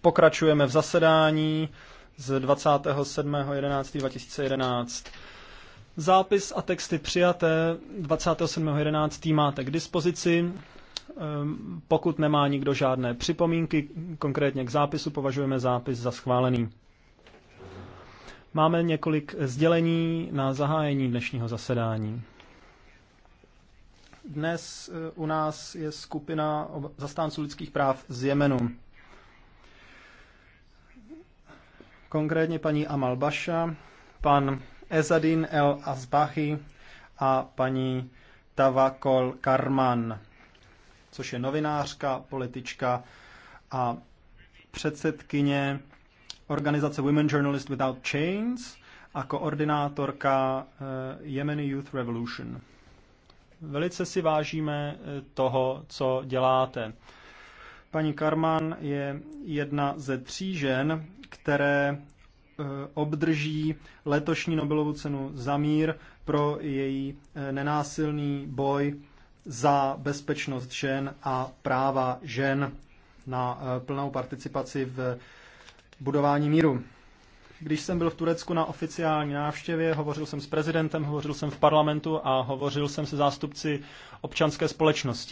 Pokračujeme v zasedání z 27.11.2011. Zápis a texty přijaté 27.11. máte k dispozici. Ehm, pokud nemá nikdo žádné připomínky, konkrétně k zápisu, považujeme zápis za schválený. Máme několik sdělení na zahájení dnešního zasedání. Dnes eh, u nás je skupina zastánců lidských práv z Jemenu. Konkrétně paní Amal Basha, pan Ezadin El Azbahi a paní Tavakol Karman, což je novinářka, politička a předsedkyně organizace Women Journalists Without Chains a koordinátorka eh, Yemeni Youth Revolution. Velice si vážíme eh, toho, co děláte. Paní Karman je jedna ze tří žen, které eh, obdrží letošní Nobelovu cenu za mír pro její eh, nenásilný boj za bezpečnost žen a práva žen na plnou participaci v budování míru. Když jsem byl v Turecku na oficiální návštěvě, hovořil jsem s prezidentem, hovořil jsem v parlamentu a hovořil jsem se zástupci občanské společnosti.